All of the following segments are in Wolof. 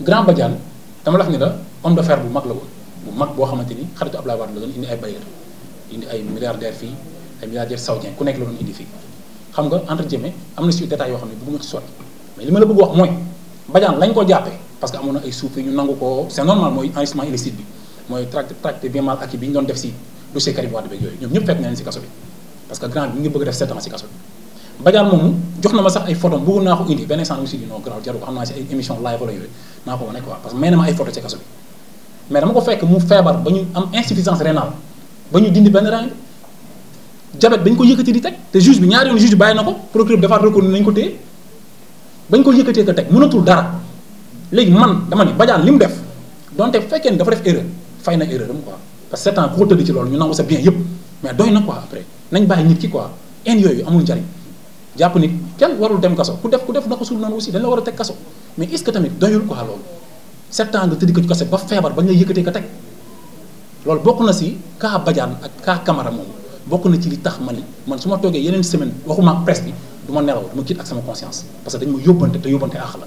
Grand Badiane dama la ni la homme d'affaires bu mag la woon bu mag boo xamante ni xaritu Abdoulaye Wade la doon indi ay bailleurs indi ay milliardaires fii ay milliardaires saoudiens ku nekk la doon indi fii xam nga entre guillemets am na si détails yoo xam ne bëgguma ci sotti mais li ma la bëgg wax mooy Badiane lañ ko jàppee parce que amoon na ay suuf ñu nangu ko c'est normal mooy enrichissement illicite bi mooy tract tracté bien mal acquis bi ñu doon def si dossier Karim Wade Badiane moom jox na ma sax ay photo bëggoon naa ko indi benn instant aussi non grand jarul xam naa si ay émission live wala yooyu naa ko wane quoi parce que may na ma ay photo ci kaso bi mais ko fekk mu dindi benn rein jabet bañ ko yëkkati di teg te juge bi ñaari yoon juge bi bàyyi na ko procureur defaat recours nañ ko téye bañ ko yëkkatee ko teg mënatul dara léegi man dama ni Badiane li mu def donte fekkee ni dafa def erreur fay na erreur am quoi parce que sept ans ku ko tëdd ci loolu ñu nangu sa bien yëpp mais na quoi après nañ bàyyi nit ki quoi haine yooyu amul njariñ jàpp ni kenn warul dem kaso ku def ku def naka suul noonu aussi dañ la war a teg kaso mais est-ce que tamit doyul quoi loolu sept ans nga tëddi ko ci ba feebar ba nga yëkkatee ko teg loolu bokk na si cas Badiane ak kaa kamara moom bokk na ci li tax ma ni man su ma toogee yeneen semaine waxuma ak presse bi du ma nelaw du ma kiit ak sama conscience parce que dañ ma yóbbante te yóbbante àq la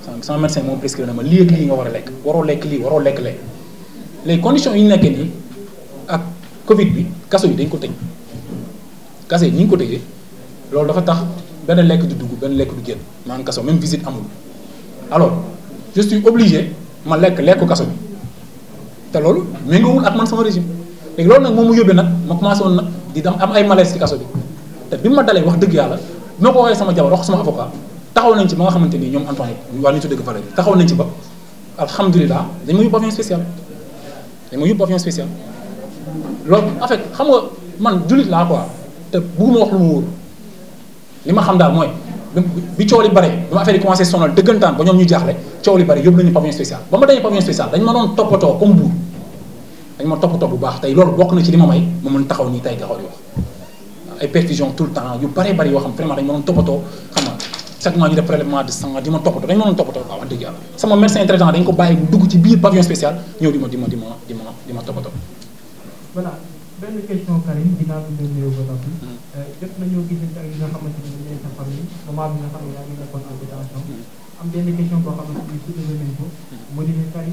sans sama médecin moom prescrire na ma lii ak lii nga war a lekk waroo lekk lii waroo lekk lee les conditions yi ñu nekkee nii ak Covid bi kaso yi dañ ko tëj kaso yi ñu ngi ko tëjee loolu dafa tax benn lekk du dugg benn lekk du génn maanaam kaso même visite amul alors je suis obligé ma lekk lekk kaso bi te loolu méngoowul ak man sama régime léegi loolu nag moom mu yóbbee nag ma commencé woon nag di dam am ay malaise ci kaso bi te bi ma dalee wax dëgg yàlla bi ma ko waxee sama jabar wax sama avocat taxaw nañ ci ba nga xamante ni ñoom Antoine waa nitu dëgg valeur taxaw nañ ci ba alhamdulilah dañ ma yóbbu avion spécial dañ ma yóbbu avion spécial loolu en fait xam nga man jullit laa quoi te bëgguma wax lu mu wóor li ma xam daal mooy bi coow li bare bi ma affaire yi commencé sonal dëggantaan ba ñoom ñu jaaxle coow li bare yóbbu nañu pavillon spécial ba ma demee pavillon spécial dañ ma doon toppatoo comme buur dañ ma toppatoo bu baax tey loolu bokk na ci li ma may ma mën taxaw nii tey taxaw di wax ay perfusion tout le temps yu bare bari yoo xam vraiment dañ ma doon toppatoo xam nga chaque mois ñu def prélèvement de sang di ma toppatoo dañ ma doon toppatoo waaw wax dëgg yàlla sama médecin ko bàyyi dugg ci biir pavillon spécial ñëw di ma di ma di ma di ma di ma toppatoo. voilà benn question Karim ginnaaw bi ñu nuyoo ba noppi. Hmm. Euh, jot nekkoon en détention hmm. am benn question boo xamante ni tuddee nañ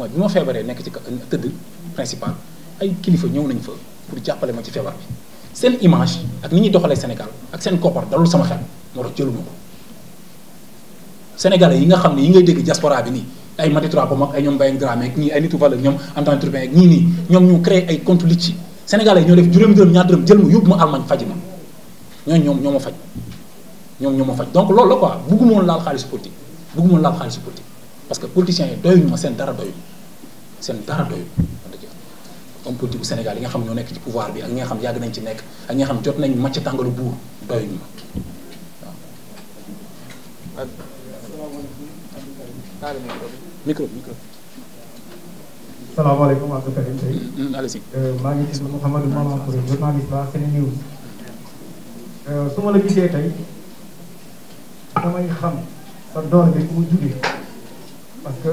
mooy bi ma feebaree nekk ci tëdd principal ay kilifa ñëw nañ fa pour jàppale ma ci feebar bi seen image ak ni ñuy doxalee Sénégal ak seen koppar dalul sama xel moo tax jëluma ko Sénégalais yi nga xam ne yi ngay dégg diaspora bi nii ay Mati Trapo mag ay ñoom Mbayang Dramé ak ñii ay nitu valeur ñoom Antoine Tourpin ak ñii nii ñoom ñu créé ay compte litchi Sénégalais ñoo def juróomi dërëm ñaar dërëm jël ma yóbbu ma Allemagne faj ma ñooñu ñoom ñoo ma faj ñoom ñoo ma faj donc loolu la quoi bëgguma woon laal xaalisu politique bëgguma woon laal xaalisu politique parce que politiciens yi doyuñu ma seen dara doyuñu seen dara doyul homme politique bu Sénégal yi nga xam ñoo nekk ci pouvoir bi ak ñi nga xam yàgg nañ ci nekk ak ñi xam jot nañ màcc tàngalu buur doyuñu ma waaw micro micro salaamaaleykum Abdou Karim Seye mm-hmm, alasi euh, maa ngi gis Mouhamadou Mamankouré journaliste la Sene News euh, su ma la gisee tey damay xam sa door bi mu jugee parce que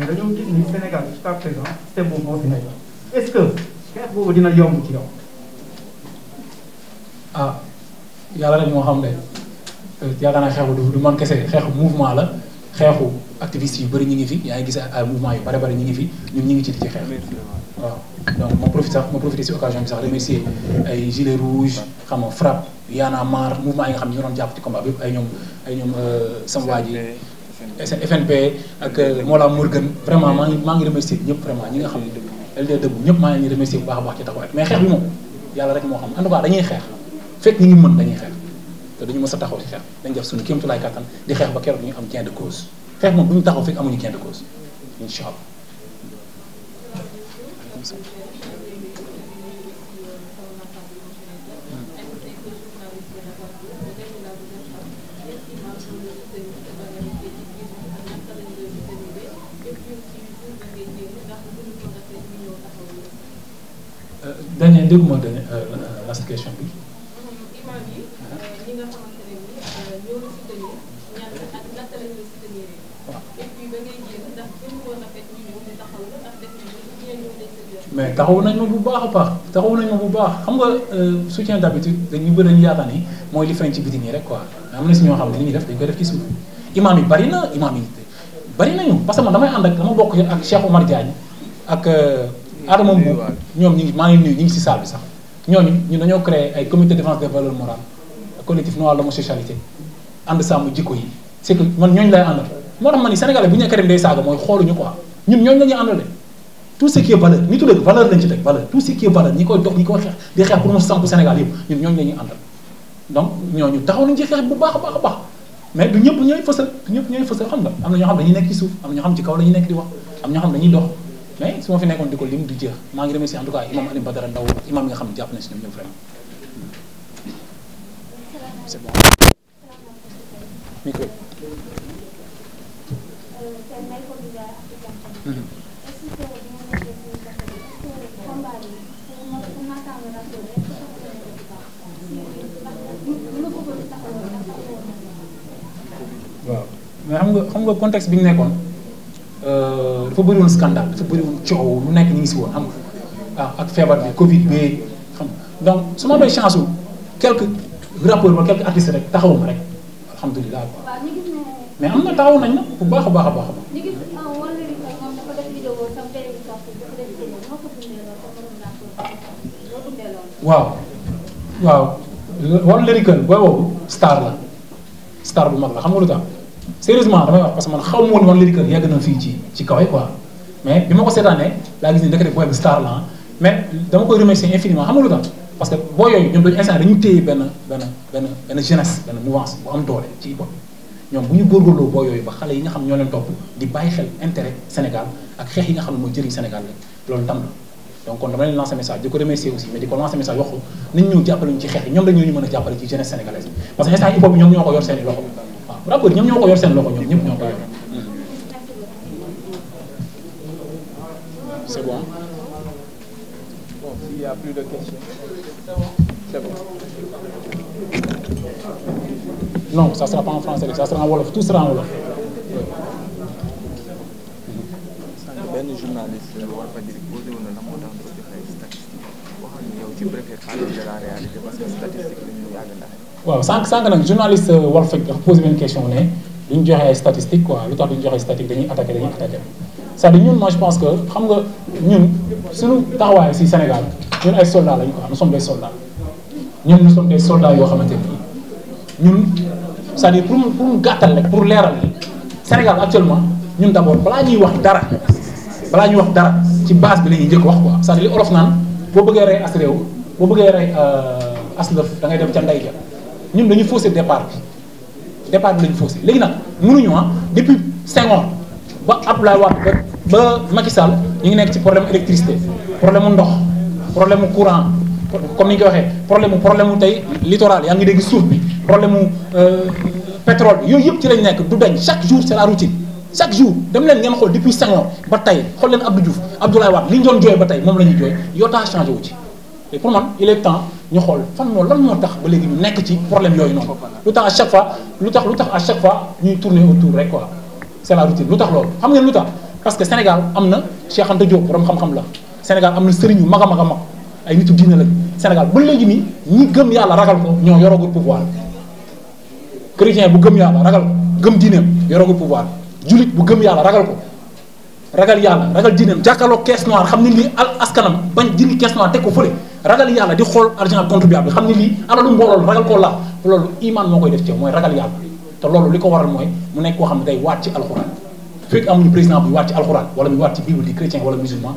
mais dañoo gis Sénégal jusqu'à présent système boobu moo fi nekk est dina yomb ci ah yàlla rek moo xam ne yaakaar naa xeexu du du man kese xeexu mouvement la xeexu activiste yu bëri ñu ngi fi yaa ngi gis ay mouvement yu bëri bëri ñu ngi fi ñun ñu ngi ci di ci xeex. waaw donc ma profité sax ma profité si occasion bi sax remercier ay gilet rouge xam nga frappe Y en mouvement yi nga xam ne ñu doon jàpp ci combat bi ay ñoom ay ñoom sama ji FNP ak euh, Mola Morgan vraiment maa ngi maa ngi remercier ñëpp vraiment ñi nga xam ne LD Debout ñëpp maa ngi leen remercier baax a baax ci taxawaay mais xeex bi moom yàlla rek moo xam en tout cas dañuy xeex fekk ñi ngi mën dañuy xeex te duñu mës a taxaw ci xeex dañ def suñu kéem tolluwaay kattan di xeex ba keroog ñu am gain de cause xeex moom bu ñu taxaw fekk amuñu gain de cause njël moo dañu lancé question bi euh, euh, euh, mais taxawu nañ ma bu baax a baax taxawu nañ ma bu baax xam nga soutien d'habitude dañu bëri dañu yaakaar ni mooy li feeñ ci biti nii rek quoi am na si ñoo xam ne li ñuy def dañ koy def ci suuf imaam yi bari na imaam yi bari nañu parce que man damay ànd ak dama bokk ak Cheikh Omar Diagne ak Adama Mbow ñoom ñu ngi maa ngi nuyu ñu ngi si salle bi sax ñooñu ñu dañoo créé ay comité de défense des valeurs morales collectif noir l'homosexualité ànd sàmm jikko yi c'est que man ñooñu lay àndal moo tax man ni sénégalais bu ñu Karim day saaga mooy xooluñu quoi ñun ñooñu la ñuy àndal de tout ce qui est valeur nitu dëgg valeur lañ ci teg valeur tout ce qui est valeur ñi koy dox ñi koy xeex di xeex pour mu samp Sénégal yëpp ñun ñooñu la ñuy àndal donc ñooñu taxaw nañ ci xeex bu baax a baax a baax mais du ñëpp ñooy fësal du ñëpp ñooy fësal xam nga am na ñoo xam dañuy nekk ci suuf am na ñoo xam ci kaw la ñuy nekk di wax am ñoo xam dañuy dox mais suma fi nekkon di ko lim du jeex maa ngi remercier en tout cas imam Alioune Badara ndaw imam yi nga xam ne jàpp na si ñoom ñoom vraiment c'est bon micro mhm. waaw mais xam nga xam nga contexte bi ñu nekkoon euh, dafa bëri woon scandale dafa bëri woon coow lu nekk ñu ngi si woon xam nga ak feebar bi Covid bi xam nga donc su ma amee chance wu quelque rappeur ba quelque artiste rek taxawu ma rek alhamdulilah quoi mais am na taxaw nañ na bu baax a baax a baax a baax. waaw waaw wala lërikal booy star la star bu mag la xam nga lu tax. sérieusement damay wax parce que man xaw ma woon man Lirika yàgg na fii ci ci kaw yi mais bi ma ko seetaanee laa gis ne dëkk booy bi star la ah. mais dama koy remercier infiniment xam nga parce que boo yooyu ñoom dañu instant dañu téye benn benn benn am ñoo leen topp di bàyyi jàppale ñu ci xeex yi ñoom dañu ñu mën a jàppale ci jeunesse sénégalaise parce que instant hip ñoom ñoo ko yor seen i loxo rapport ñoom ñoo ko yor seen loxo ñoom ñëpp ñoo ko yor c'est bon. Hein? bon s'il y a plus de questions c'est bon. non ça sera pas en français ça sera en wolof tout sera en wolof. benn journaliste uh, Walfadjri posé woon na la moo tax doo joxe ay statistiques waxal ñu yow tu préfères parler de la réalité parce que statistique la ñu yàgg ndax. waaw sank sank nak journaliste Walfadjri dafa posé benn question ne duñ joxe ay statistiques quoi lu tax duñ joxe statistique dañuy attaquer dañuy attaquer ça à dire ñun moi je pense que xam nga ñun suñu taxawaay ci Sénégal ñun ay e soldats lañu quoi nous sommes des soldats ñun nous sommes des soldats yo xamante ni ñun c'est-à-dire pour pour gattal gàttal rek pour leeral Sénégal actuellement ñun d'abord bla ñuy wax dara. balaa ñuy wax dara ci base bi la ñuy njëkk wax ko c'est-à-dire li olof naan boo bëggee rey as réew boo bëggee rey euh, as lëf da ngay dem ca ndey ja ñun dañu faussé départ bi départ bi la ñu faussé léegi nag mënuñu ah depuis cinq ans ba Abdoulaye Wade ba Macky ñu ngi nekk ci problème électricité problème mu ndox problème mu courant comme ni ñu ko waxee problème mu problème mu tey littoral yaa ngi dégg suuf bi problème mu euh, pétrole yooyu yëpp ci lañ nekk du dañ chaque jour c'est la routine chaque jour dem len ngeen xol depuis 5 ans ba tay xol len Abdou Diouf Abdoulaye Wade li ñu doon jooy ba tay mom lañuy joy Yota changé wu ci et pour man il est temps ñu xol fan moo lan moo tax ba légui ñu nekk ci problème yooyu non lutax à chaque fois lutax lutax à chaque fois ñuy tourner autour rek quoi c'est la routine lutax tax loolu xam ngeen lutax parce que Sénégal amna Cheikh Anta Diop borom xam-xam la Sénégal amna serigne sëriñ yu mag a mag ay nitu diine la Sénégal ba légui ni ñi gëm yalla ragal ko ñoo yoragul pouvoir chrétien bu gëm yalla ragal gëm diineem yoragul pouvoir jullit bu gëm yàlla ragal ko ragal yàlla ragal diineem jàkkaarloo caisse noire xam ne lii al askanam bañ dindi caisse noire teg ko fële ragal yàlla di xool argent contribuable xam ne lii alalu mbooloo ragal koo laa loolu iman moo koy def ci mooy ragal yàlla te loolu li ko waral mooy mu nekk koo xam ne day waat ci alxuraan fekk amuñu président buy waat ci alxuraan wala muy waat ci bible di chrétien wala musulman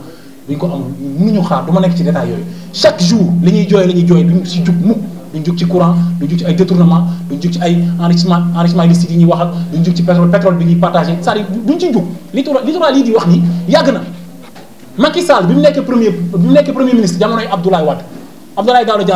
bu ñu ko amul mënuñu xaar du ma nekk ci détail yooyu chaque jour li ñuy jooy la ñuy jooy duñ jug ci courant duñ jug ci ay détournement duñ jug ci ay enrichissement enrichissement illicite yi ñuy waxal duñ jug ci pétrole pétrole bi ñuy partagé c'est-à-dire jug littoral littoral di wax ni yàgg na Macky Sall bi mu nekkee premier bi mu nekkee premier ministre jamonoy Abdoulaye Wade Abdoulaye Daouda Diallo